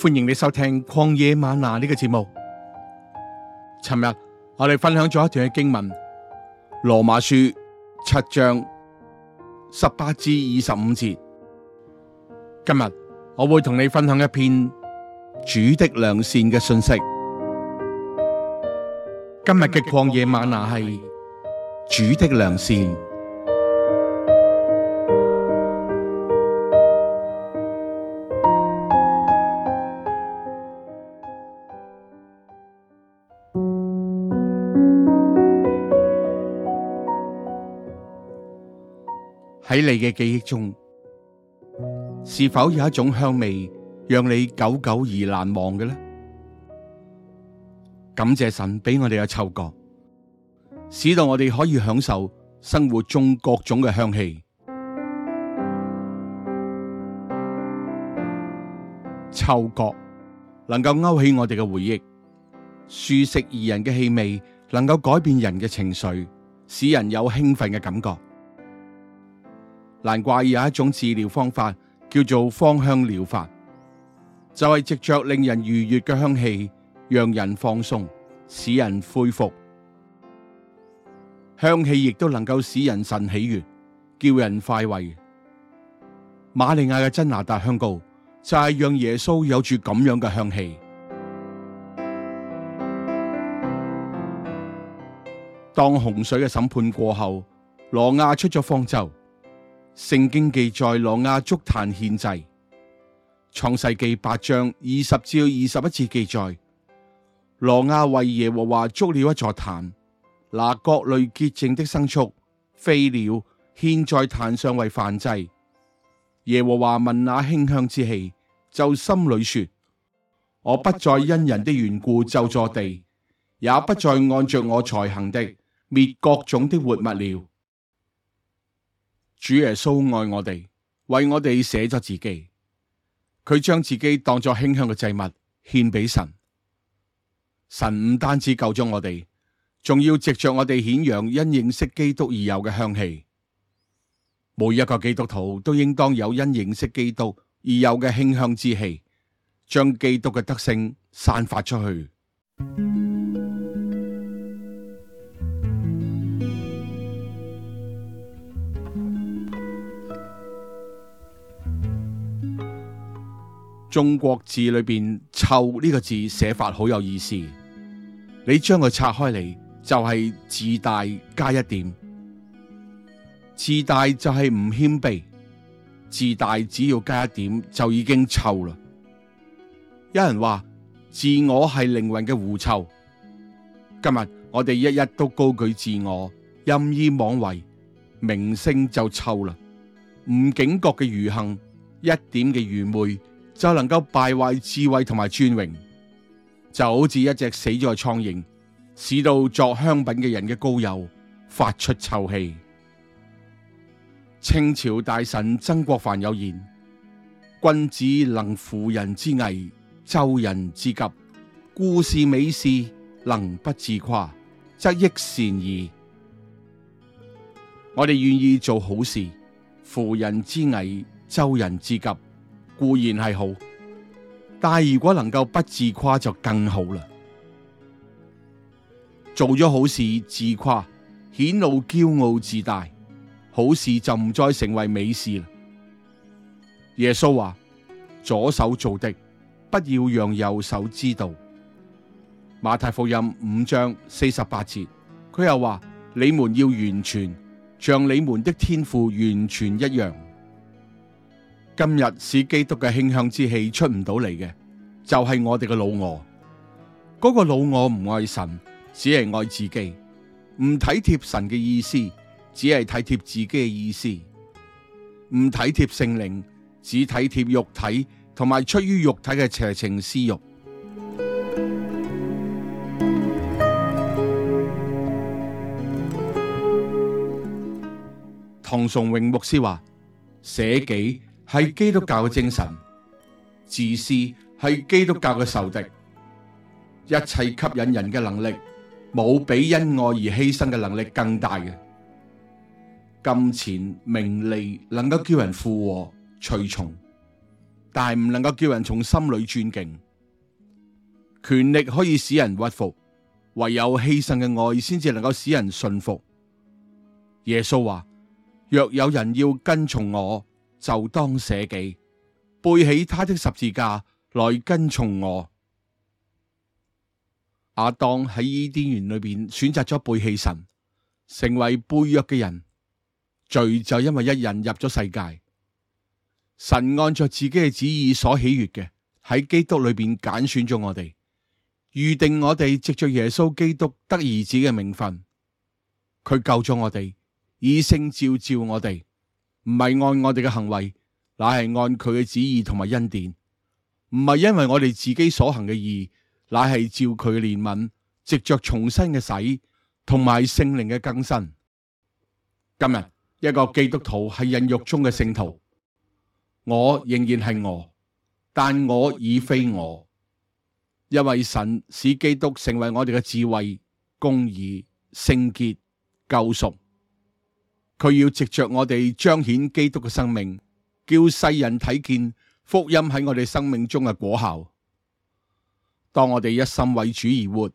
歡迎你收聽《曠野嗎哪》呢個節目。尋日我哋分享咗一段嘅經文《羅馬書》七章十八至二十五節。今日我會同你分享一篇主的良善嘅信息。今日嘅曠野嗎哪係主的良善。喺你嘅記憶中，是否有一種香味讓你久久而難忘嘅呢？感謝神俾我哋嘅嗅覺，使到我哋可以享受生活中各種嘅香氣。嗅覺能夠勾起我哋嘅回憶，舒適宜人嘅氣味能夠改變人嘅情緒，使人有興奮嘅感覺。難怪有一種治療方法叫做芳香療法，就係、是、藉着令人愉悦嘅香氣，讓人放鬆，使人恢復。香氣亦都能夠使人神喜悦，叫人快慰。瑪利亞嘅真哪噠香膏就係、是、讓耶穌有住咁樣嘅香氣。當洪水嘅審判過後，挪亞出咗方舟。聖經記載羅亞築壇獻祭，創世記八章二十至二十一次記載，羅亞為耶和華築了一座壇，拿各類潔淨的牲畜、飛鳥獻在壇上為燔祭。耶和華聞那馨香之氣，就心裏說：我不，我不再因人的緣故就坐地，也不再按着我才行的，滅各種的活物了。主耶穌愛我哋，為我哋捨咗自己，佢將自己當作馨香嘅祭物獻俾神。神唔單止救咗我哋，仲要藉着我哋顯揚因認識基督而有嘅香氣。每一個基督徒都應當有因認識基督而有嘅馨香之氣，將基督嘅德性散發出去。中國字裏邊臭呢個字寫法好有意思，你將佢拆開嚟，就係、是、自大加一點，自大就係唔謙卑，自大只要加一點就已經臭啦。有人話自我係靈魂嘅狐臭，今日我哋日日都高舉自我，任意妄為，名聲就臭啦。唔警覺嘅愚行，一點嘅愚昧。就能夠敗壞智慧同埋尊榮，就好似一隻死咗嘅蒼蠅，使到作香品嘅人嘅膏油發出臭氣。清朝大臣曾國藩有言：君子能扶人之危，周人之急，故事美事能不自誇，則益善矣。而我哋願意做好事，扶人之危，周人之急。固然係好，但如果能夠不自誇就更好啦。做咗好事自誇，顯露驕傲自大，好事就唔再成為美事啦。耶穌話：左手做的，不要讓右手知道。馬太福音五章四十八節，佢又話：你們要完全，像你們的天父完全一樣。今日使基督嘅馨香之氣出唔到嚟嘅，就係、是、我哋嘅老我。嗰、那個老我唔愛神，只係愛自己，唔體貼神嘅意思，只係體貼自己嘅意思，唔體貼聖靈，只體貼肉體，同埋出於肉體嘅邪情私欲。 唐崇榮牧師話：捨己。係基督教嘅精神，自私係基督教嘅仇敵。一切吸引人嘅能力，冇比因愛而犧牲嘅能力更大。金錢、名利能夠叫人附和、隨從，但係唔能夠叫人從心裏尊敬。權力可以使人屈服，唯有犧牲嘅愛先至能夠使人信服。耶穌話：若有人要跟從我，就當捨己，背起他的十字架來跟從我。阿當喺伊甸園裏邊選擇咗背棄神，成為背約嘅人，罪就因為一人入咗世界。神按着自己嘅旨意所喜悦嘅，喺基督裏邊揀選咗我哋，預定我哋藉着耶穌基督得兒子嘅名分。佢救咗我哋，以聖召召我哋。唔係按我哋嘅行為，乃係按佢嘅旨意同埋恩典；唔係因為我哋自己所行嘅義，乃係照佢嘅憐憫，藉着重生嘅洗同埋聖靈嘅更新。今日一個基督徒係孕育中嘅聖徒，我仍然係我，但我已非我，因為神使基督成為我哋嘅智慧、公義、聖潔、救贖。佢要藉着我哋彰顯基督嘅生命，叫世人睇見福音喺我哋生命中嘅果效。當我哋一心為主而活，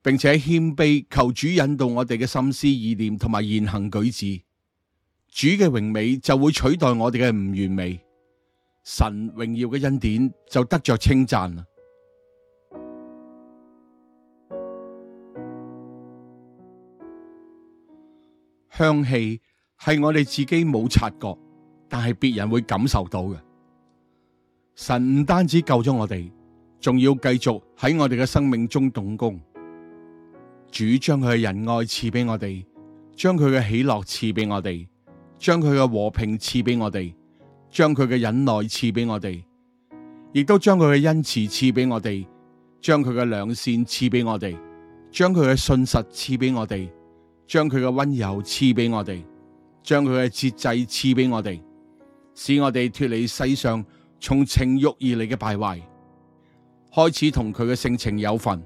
並且謙卑求主引導我哋嘅心思意念同埋言行舉止，主嘅榮美就會取代我哋嘅唔完美，神榮耀嘅恩典就得着稱讚啊！ 香氣。係我哋自己冇察覺，但係別人會感受到嘅。神唔單止救咗我哋，仲要繼續喺我哋嘅生命中動工。主將佢嘅仁愛賜俾我哋，將佢嘅喜樂賜俾我哋，將佢嘅和平賜俾我哋，將佢嘅忍耐賜俾我哋，亦都將佢嘅恩慈賜俾我哋，將佢嘅良善賜俾我哋，將佢嘅信實賜俾我哋，將佢嘅温柔賜俾我哋。將佢嘅節制賜俾我哋，使我哋脫離世上從情欲而嚟嘅敗壞，開始同佢嘅性情有份。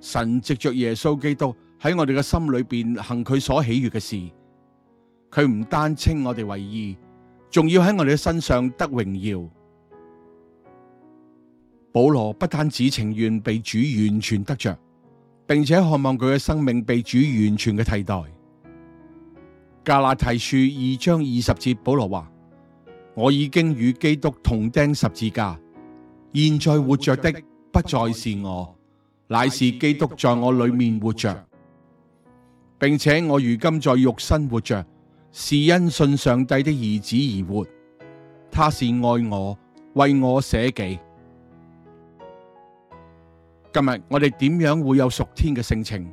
神藉着耶穌基督喺我哋嘅心裏邊行佢所喜悅嘅事，佢唔單稱我哋為義，仲要喺我哋嘅身上得榮耀。保羅不單止情願被主完全得着，並且渴望佢嘅生命被主完全嘅替代。加拉提書二章二十節，保羅話：我已經與基督同釘十字架，現在活着的不再是我，乃是基督在我裡面活着，並且我如今在肉身活着，是因信上帝的兒子而活，他是愛我，為我捨己。今日我哋點樣會有屬天嘅性情？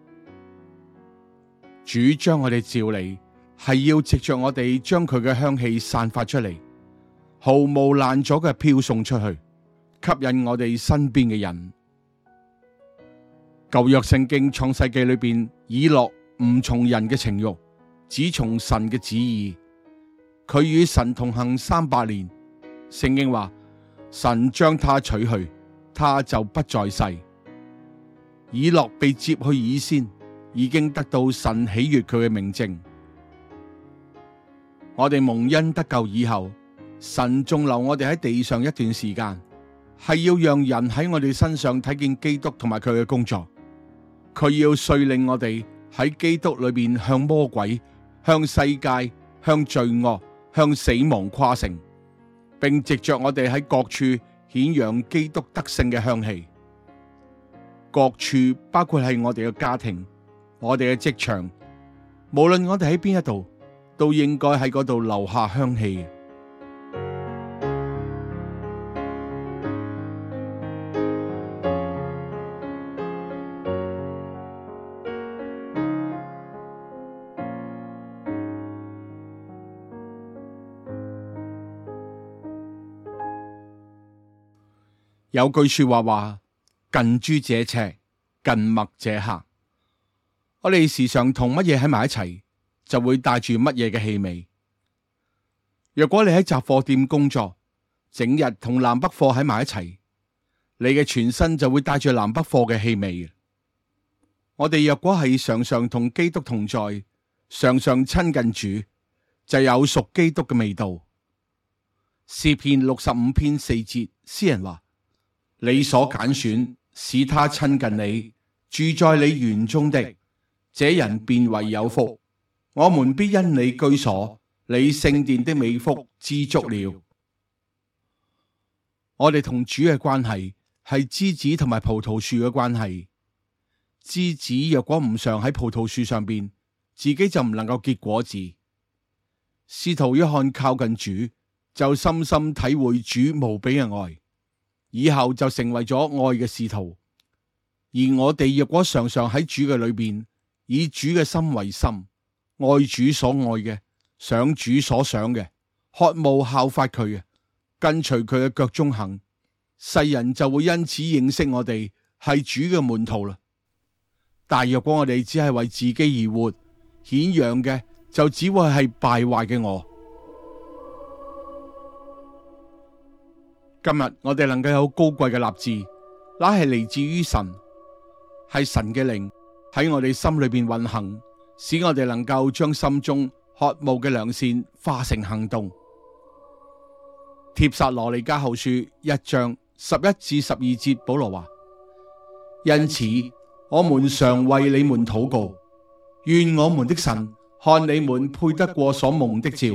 主將我哋召嚟，係要藉着我哋將佢嘅香氣散發出嚟，毫無攔阻嘅飄送出去，吸引我哋身邊嘅人。舊約聖經創世記裏邊，以諾唔從人嘅情欲，只從神嘅旨意。佢與神同行三百年，聖經話神將他取去，他就不在世。以諾被接去以先。已經得到神喜悅佢嘅明證，我哋蒙恩得救以後，神仲留我哋喺地上一段時間，係要讓人喺我哋身上睇見基督同埋佢嘅工作。佢要率領我哋喺基督裏面向魔鬼、向世界、向罪惡、向死亡誇勝，並藉着我哋喺各處顯揚基督德性嘅香氣。各處包括係我哋嘅家庭。我哋嘅職場，無論我哋喺邊一度，都應該喺嗰度留下香氣嘅。 有句說話話：近朱者赤，近墨者黑。我哋時常同乜嘢喺埋一齊，就會帶住乜嘢嘅氣味。若果你喺雜貨店工作，整日同南北貨喺埋一齊，你嘅全身就會帶住南北貨嘅氣味。我哋若果係常常同基督同在，常常親近主，就有屬基督嘅味道。詩篇六十五篇四節，詩人話：你所揀選使他親近你，住在你園中的。這人便為有福，我們必因你居所，你聖殿的美福知足了。我哋同主嘅關係係枝子同埋葡萄樹嘅關係。枝子若果唔常喺葡萄樹上邊，自己就唔能夠結果子。使徒約翰靠近主，就深深體會主無比嘅愛，以後就成為咗愛嘅使徒。而我哋若果常常喺主嘅裏邊，以主嘅心為心，愛主所愛嘅，想主所想嘅，渴慕效法佢嘅，跟隨佢嘅腳蹤行，世人就會因此認識我哋係主嘅門徒啦。但若果我哋只係為自己而活，顯揚嘅就只會係敗壞嘅我。今日我哋能夠有高貴嘅立志，那係嚟自於神，係神嘅靈。喺我哋心裏邊運行，使我哋能夠將心中渴慕嘅良善化成行動。帖撒羅尼迦後書一章十一至十二節，保羅話：因此，我們常為你們禱告，願我們的神看你們配得過所蒙的召，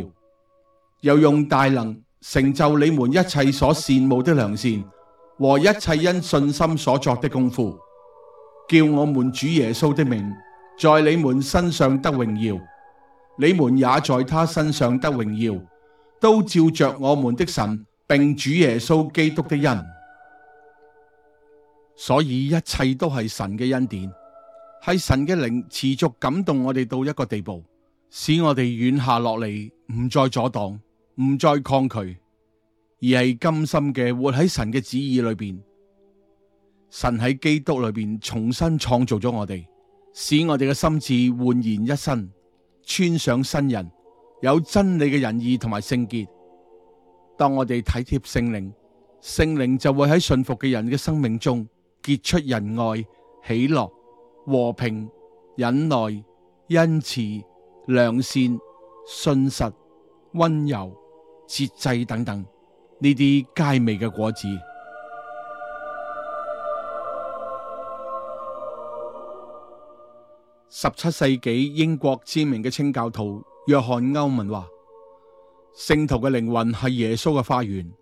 又用大能成就你們一切所羨慕的良善和一切因信心所作的功夫。叫我們主耶穌的名，在你們身上得榮耀，你們也在他身上得榮耀，都照着我們的神，並主耶穌基督的恩。所以一切都係神嘅恩典，係神嘅靈持續感動我哋到一個地步，使我哋軟下落嚟，唔再阻擋，唔再抗拒，而係甘心嘅活喺神嘅旨意裏邊。神喺基督裏邊重新創造咗我哋，使我哋嘅心智煥然一新，穿上新人，有真理嘅仁義同埋聖潔。當我哋體貼聖靈，聖靈就會喺信服嘅人嘅生命中結出仁愛、喜樂、和平、忍耐、恩慈、良善、信實、溫柔、節制等等呢啲佳美嘅果子。十七世紀英國知名嘅清教徒約翰歐文話：聖徒嘅靈魂係耶穌嘅花園，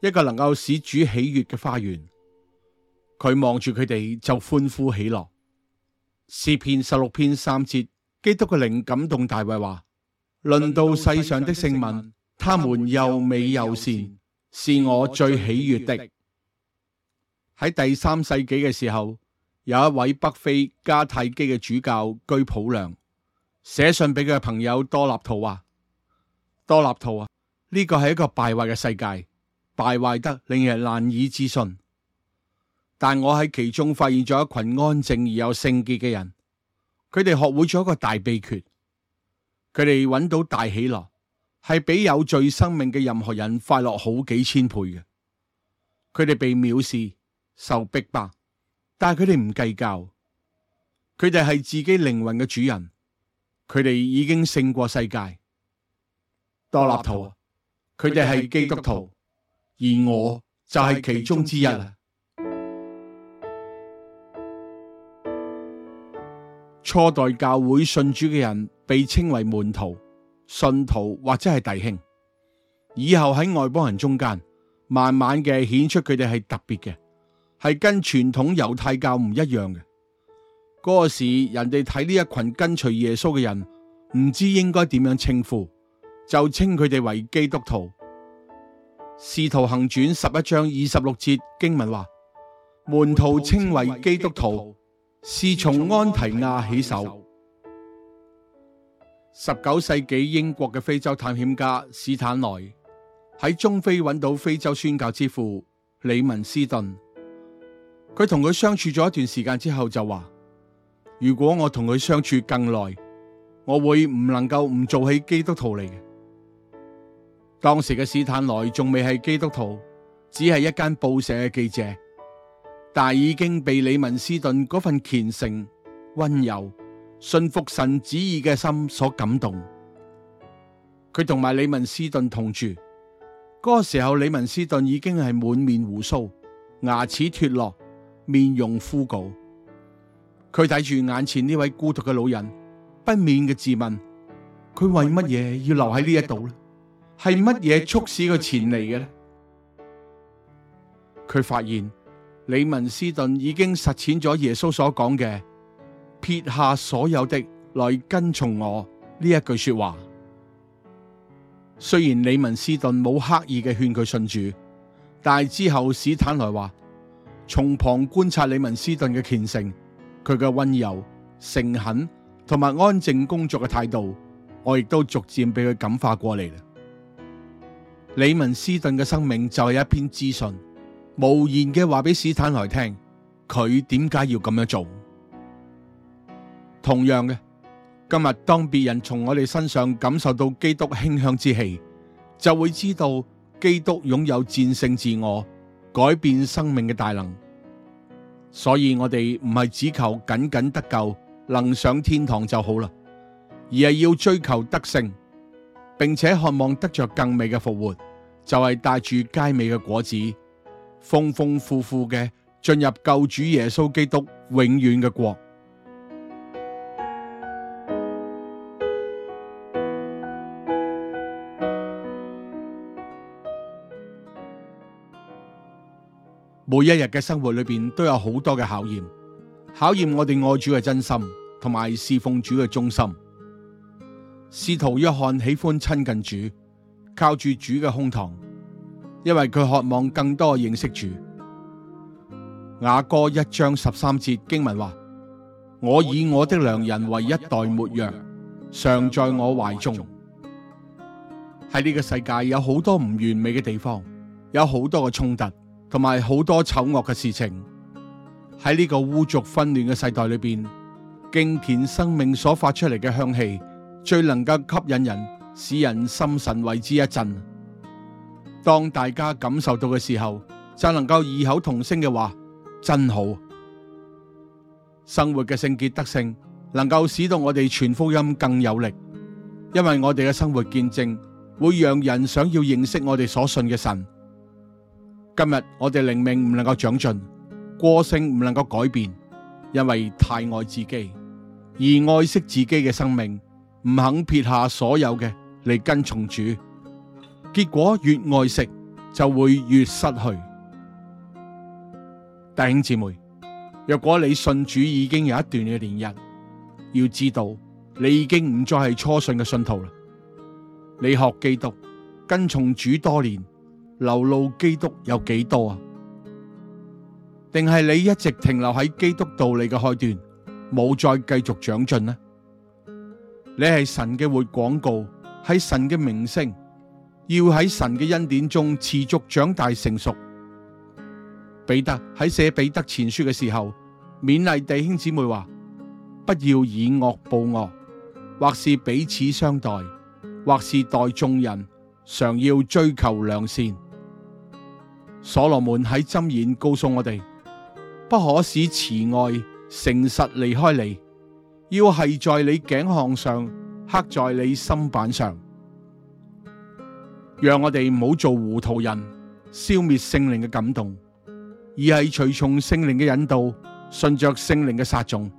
一個能夠使主喜悦嘅花園。佢望住佢哋就歡呼喜樂。詩篇十六篇三節，基督嘅靈感動大衛話：論到世上的聖民，他們又美又善，是我最喜悦的。喺第三世紀嘅時候，有一位北非迦太基嘅主教居普良寫信俾佢嘅朋友多納圖話：多納圖啊，呢、這個係一個敗壞嘅世界，敗壞得令人難以置信。但我喺其中發現咗一群安靜而有聖潔嘅人，佢哋學會咗一個大秘訣，佢哋搵到大喜樂，係比有罪生命嘅任何人快樂好幾千倍嘅。佢哋被藐視、受逼迫。但係佢哋唔計較，佢哋係自己靈魂嘅主人，佢哋已經勝過世界。多納徒，佢哋係基督徒，而我就係其中之一啦。初代教會信主嘅人被稱為門徒、信徒或者係弟兄，以後喺外邦人中間，慢慢嘅顯出佢哋係特別嘅。係跟傳統猶太教唔一樣嘅嗰、那個時，人哋睇呢一群跟隨耶穌嘅人，唔知應該點樣稱呼，就稱佢哋為基督徒。使徒行傳十一章二十六節經文話，門徒稱為基督徒，是從安提亞起手。十九世紀英國嘅非洲探險家史坦萊喺中非揾到非洲宣教之父李文斯頓。佢同佢相處咗一段時間之後就話：如果我同佢相處更耐，我會唔能夠唔做起基督徒嚟嘅。當時嘅史坦萊仲未係基督徒，只係一間報社嘅記者，但已經被李文斯頓嗰份虔誠、溫柔、信服神旨意嘅心所感動。佢同埋李文斯頓同住嗰個時候，李文斯頓已經係滿面鬍鬚、牙齒脫落。面容枯槁，佢睇住眼前呢位孤獨嘅老人，不免嘅自問：佢為乜嘢要留喺呢一度呢？係乜嘢促使佢前嚟嘅呢？佢發現李文斯頓已經實踐咗耶穌所講嘅撇下所有的來跟從我呢一句說話。雖然李文斯頓冇刻意嘅勸佢信主，但係之後史坦萊話。從旁觀察李文斯頓嘅虔誠，佢嘅溫柔、誠懇同埋安靜工作嘅態度，我亦都逐漸俾佢感化過嚟啦。李文斯頓嘅生命就係一篇資訊，無言嘅話俾史坦萊聽，佢點解要咁樣做？同樣嘅，今日當別人從我哋身上感受到基督馨香之氣，就會知道基督擁有戰勝自我。改變生命嘅大能，所以我哋唔係只求僅僅得救、能上天堂就好啦，而係要追求得勝，並且渴望得着更美嘅復活，就係帶住佳美嘅果子，豐豐富富嘅進入救主耶穌基督永遠嘅國。每一日嘅生活裏邊都有好多嘅考驗，考驗我哋愛主嘅真心，同埋侍奉主嘅忠心。使徒約翰喜歡親近主，靠住主嘅胸膛，因為佢渴望更多認識主。雅歌一章十三節經文話：我以我的良人為一袋沒藥，常在我懷中。喺呢 個世界有好多唔完美嘅地方，有好多嘅衝突。同埋好多醜惡嘅事情。喺呢個污濁混亂嘅世代裏邊，敬虔生命所發出嚟嘅香氣，最能夠吸引人，使人心神為之一振。當大家感受到嘅時候，就能夠異口同聲嘅話，真好。生活嘅聖潔德性，能夠使到我哋傳福音更有力，因為我哋嘅生活見證，會讓人想要認識我哋所信嘅神。今日我哋靈命唔能夠長進，個性唔能夠改變，因為太愛自己，而愛惜自己嘅生命，唔肯撇下所有嘅嚟跟從主。結果越愛惜就會越失去。弟兄姊妹，若果你信主已經有一段嘅年日，要知道你已經唔再係初信嘅信徒啦，你學基督跟從主多年。流露基督有幾多啊？定係你一直停留喺基督道理嘅開端，冇再繼續長進呢？你係神嘅活廣告，喺神嘅名聲，要喺神嘅恩典中持續長大成熟。彼得喺寫彼得前書嘅時候，勉勵弟兄姊妹話：不要以惡報惡，或是彼此相待，或是待眾人，常要追求良善。所羅門喺箴言告訴我哋，不可使慈愛誠實離開你，要繫在你頸項上，刻在你心板上，讓我哋唔好做糊塗人，消滅聖靈嘅感動，而係隨從聖靈嘅引導，順着聖靈嘅撒種，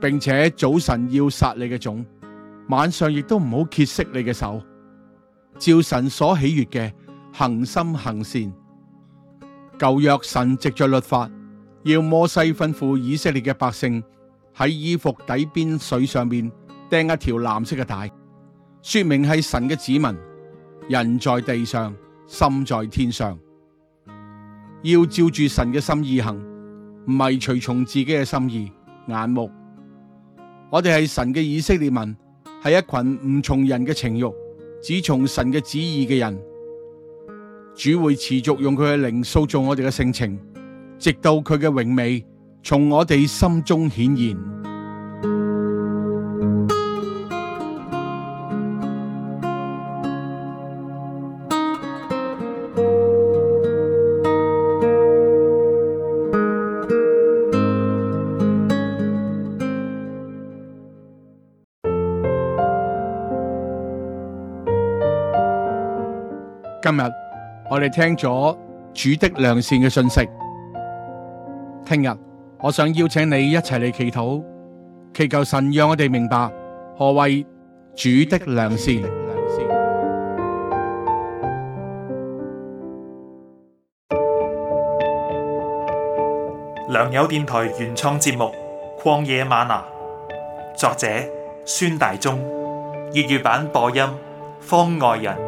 並且早晨要撒你嘅種，晚上亦都唔好歇息你嘅手，照神所喜悅嘅恆心行善。舊約神藉著律法，要摩西吩咐以色列嘅百姓喺衣服底邊水上面釘一條藍色嘅帶，說明係神嘅子民。人在地上，心在天上，要照住神嘅心意行，唔係隨從自己嘅心意、眼目。我哋係神嘅以色列民，係一群唔從人嘅情慾，只從神嘅旨意嘅人。主會持續用佢嘅靈塑造我哋嘅性情，直到佢嘅榮美從我哋心中顯現。聽咗主的良善嘅信息，聽日我想邀請你一齊嚟祈禱，祈求神讓我哋明白何謂主的良善。良友電台原創節目《曠野嗎哪》，作者：孫大中，粵語版播音：方外人。